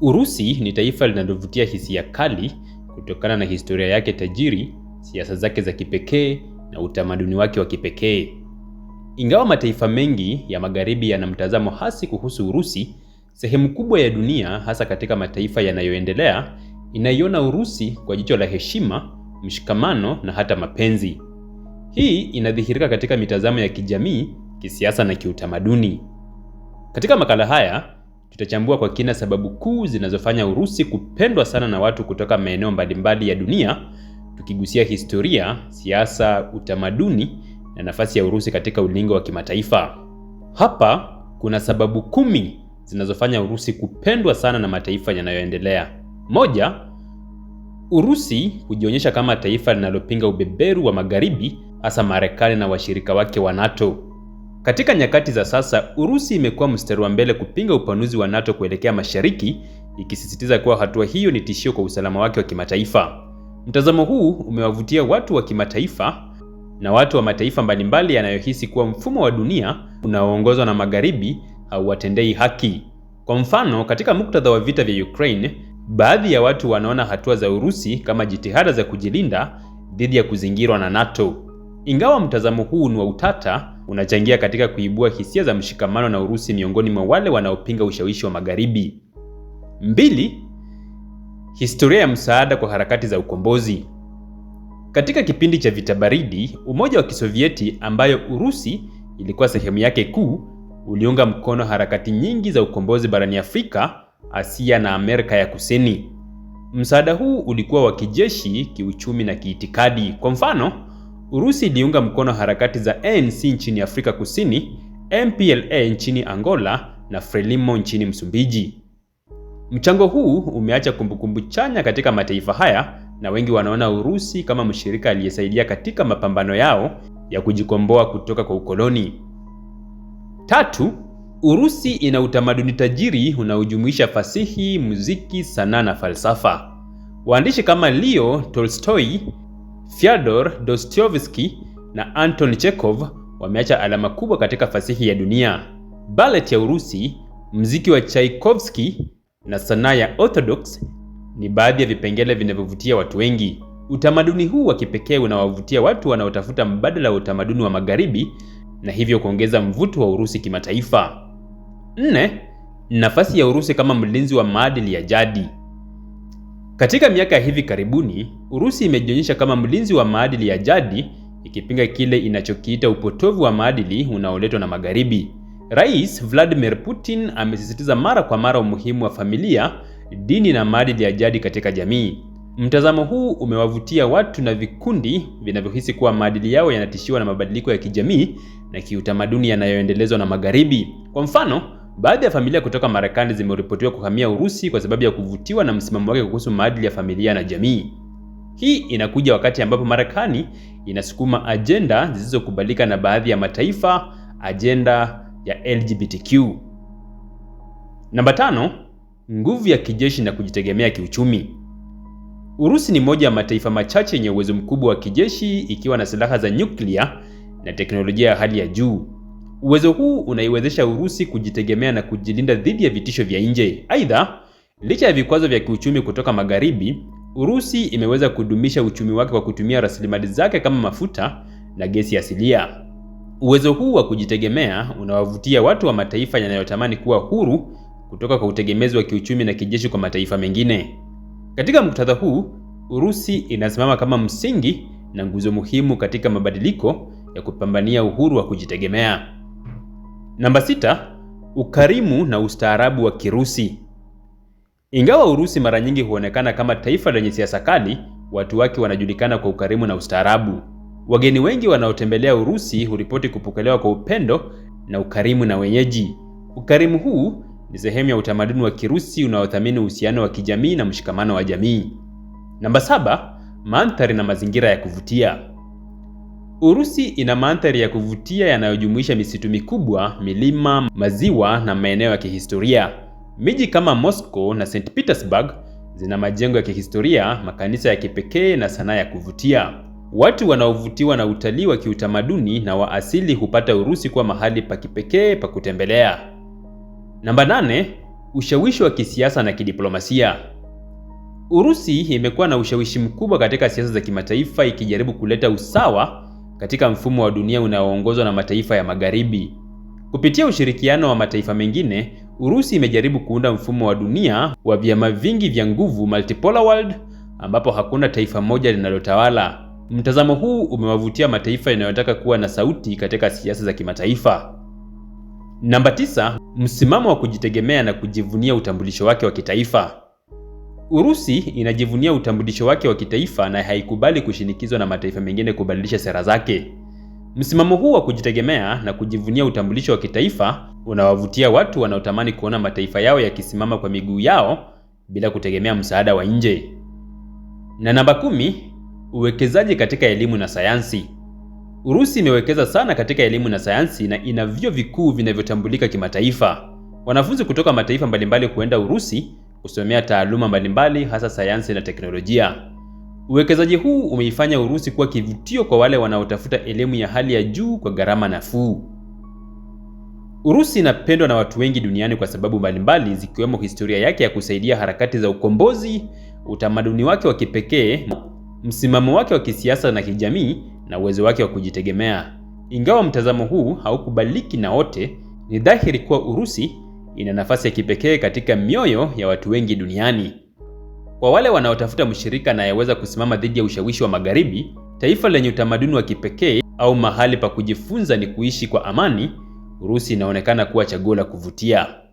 Urusi ni taifa linalovutia hisia kali kutokana na historia yake tajiri, siasa zake za kipekee na utamaduni wake wa kipekee. Ingawa mataifa mengi ya magharibi yana mtazamo hasi kuhusu Urusi, sehemu kubwa ya dunia, hasa katika mataifa yanayoendelea, inaiona Urusi kwa jicho la heshima, mshikamano na hata mapenzi. Hii inadhihirika katika mitazamo ya kijamii, kisiasa na kiutamaduni. Katika makala haya tutachambua kwa kina sababu kuu zinazofanya Urusi kupendwa sana na watu kutoka maeneo mbalimbali ya dunia, tukigusia historia, siasa, utamaduni na nafasi ya Urusi katika ulingo wa kimataifa. Hapa kuna sababu kumi zinazofanya Urusi kupendwa sana na mataifa yanayoendelea. Moja, Urusi hujionyesha kama taifa linalopinga ubeberu wa Magharibi, hasa Marekani na washirika wake wa NATO. Katika nyakati za sasa, Urusi imekuwa mstari wa mbele kupinga upanuzi wa NATO kuelekea mashariki, ikisisitiza kuwa hatua hiyo ni tishio kwa usalama wake wa kimataifa. Mtazamo huu umewavutia watu wa kimataifa na watu wa mataifa mbalimbali yanayohisi kuwa mfumo wa dunia unaoongozwa na magharibi hauwatendei haki. Kwa mfano, katika muktadha wa vita vya Ukraine, baadhi ya watu wanaona hatua za Urusi kama jitihada za kujilinda dhidi ya kuzingirwa na NATO. Ingawa mtazamo huu ni wa utata, unachangia katika kuibua hisia za mshikamano na Urusi miongoni mwa wale wanaopinga ushawishi wa Magharibi. Mbili, historia ya msaada kwa harakati za ukombozi. Katika kipindi cha vita baridi, Umoja wa Kisovieti ambayo Urusi ilikuwa sehemu yake kuu, uliunga mkono harakati nyingi za ukombozi barani Afrika, Asia na Amerika ya Kusini. Msaada huu ulikuwa wa kijeshi, kiuchumi na kiitikadi. Kwa mfano, Urusi iliunga mkono harakati za ANC nchini Afrika Kusini, MPLA nchini Angola na Frelimo nchini Msumbiji. Mchango huu umeacha kumbukumbu chanya katika mataifa haya na wengi wanaona Urusi kama mshirika aliyesaidia katika mapambano yao ya kujikomboa kutoka kwa ukoloni. Tatu, Urusi ina utamaduni tajiri unaojumuisha fasihi, muziki, sanaa na falsafa. Waandishi kama Leo Tolstoy Fyodor Dostoevsky na Anton Chekhov wameacha alama kubwa katika fasihi ya dunia. Ballet ya Urusi, mziki wa Tchaikovsky na sanaa ya Orthodox ni baadhi ya vipengele vinavyovutia watu wengi. Utamaduni huu wa kipekee unawavutia watu wanaotafuta mbadala wa utamaduni wa Magharibi na hivyo kuongeza mvuto wa Urusi kimataifa. Nne, nafasi ya Urusi kama mlinzi wa maadili ya jadi. Katika miaka ya hivi karibuni, Urusi imejionyesha kama mlinzi wa maadili ya jadi, ikipinga kile inachokiita upotovu wa maadili unaoletwa na Magharibi. Rais Vladimir Putin amesisitiza mara kwa mara umuhimu wa familia, dini na maadili ya jadi katika jamii. Mtazamo huu umewavutia watu na vikundi vinavyohisi kuwa maadili yao yanatishiwa na mabadiliko ya kijamii na kiutamaduni yanayoendelezwa na Magharibi. Kwa mfano, Baadhi ya familia kutoka Marekani zimeripotiwa kuhamia Urusi kwa sababu ya kuvutiwa na msimamo wake kuhusu maadili ya familia na jamii. Hii inakuja wakati ambapo Marekani inasukuma ajenda zisizokubalika na baadhi ya mataifa, ajenda ya LGBTQ. Namba tano, nguvu ya kijeshi na kujitegemea kiuchumi. Urusi ni moja ya mataifa machache yenye uwezo mkubwa wa kijeshi ikiwa na silaha za nyuklia na teknolojia ya hali ya juu. Uwezo huu unaiwezesha Urusi kujitegemea na kujilinda dhidi ya vitisho vya nje. Aidha, licha ya vikwazo vya kiuchumi kutoka magharibi, Urusi imeweza kudumisha uchumi wake kwa kutumia rasilimali zake kama mafuta na gesi asilia. Uwezo huu wa kujitegemea unawavutia watu wa mataifa yanayotamani kuwa huru kutoka kwa utegemezi wa kiuchumi na kijeshi kwa mataifa mengine. Katika muktadha huu, Urusi inasimama kama msingi na nguzo muhimu katika mabadiliko ya kupambania uhuru wa kujitegemea. Namba sita, ukarimu na ustaarabu wa Kirusi. Ingawa Urusi mara nyingi huonekana kama taifa lenye siasa kali, watu wake wanajulikana kwa ukarimu na ustaarabu. Wageni wengi wanaotembelea Urusi huripoti kupokelewa kwa upendo na ukarimu na wenyeji. Ukarimu huu ni sehemu ya utamaduni wa Kirusi unaothamini uhusiano wa kijamii na mshikamano wa jamii. Namba saba, mandhari na mazingira ya kuvutia. Urusi ina mandhari ya kuvutia yanayojumuisha misitu mikubwa, milima, maziwa na maeneo ya kihistoria. Miji kama Moscow na St. Petersburg zina majengo ya kihistoria, makanisa ya kipekee na sanaa ya kuvutia. Watu wanaovutiwa na utalii wa kiutamaduni na wa asili hupata Urusi kuwa mahali pa kipekee pa kutembelea. Namba nane, ushawishi wa kisiasa na kidiplomasia. Urusi imekuwa na ushawishi mkubwa katika siasa za kimataifa ikijaribu kuleta usawa katika mfumo wa dunia unaoongozwa na mataifa ya Magharibi. Kupitia ushirikiano wa mataifa mengine, Urusi imejaribu kuunda mfumo wa dunia wa vyama vingi vya nguvu, multipolar world, ambapo hakuna taifa moja linalotawala. Mtazamo huu umewavutia mataifa yanayotaka kuwa na sauti katika siasa za kimataifa. Namba tisa, msimamo wa kujitegemea na kujivunia utambulisho wake wa kitaifa. Urusi inajivunia utambulisho wake wa kitaifa na haikubali kushinikizwa na mataifa mengine kubadilisha sera zake. Msimamo huu wa kujitegemea na kujivunia utambulisho wa kitaifa unawavutia watu wanaotamani kuona mataifa yao yakisimama kwa miguu yao bila kutegemea msaada wa nje. Na namba kumi, uwekezaji katika elimu na sayansi. Urusi imewekeza sana katika elimu na sayansi na ina vyuo vikuu vinavyotambulika kimataifa. Wanafunzi kutoka mataifa mbalimbali huenda Urusi kusomea taaluma mbalimbali hasa sayansi na teknolojia. Uwekezaji huu umeifanya Urusi kuwa kivutio kwa wale wanaotafuta elimu ya hali ya juu kwa gharama nafuu. Urusi inapendwa na watu wengi duniani kwa sababu mbalimbali zikiwemo historia yake ya kusaidia harakati za ukombozi, utamaduni wake wa kipekee, msimamo wake wa kisiasa na kijamii na uwezo wake wa kujitegemea. Ingawa mtazamo huu haukubaliki na wote, ni dhahiri kuwa Urusi ina nafasi ya kipekee katika mioyo ya watu wengi duniani. Kwa wale wanaotafuta mshirika anayeweza kusimama dhidi ya ushawishi wa Magharibi, taifa lenye utamaduni wa kipekee au mahali pa kujifunza ni kuishi kwa amani, Urusi inaonekana kuwa chaguo la kuvutia.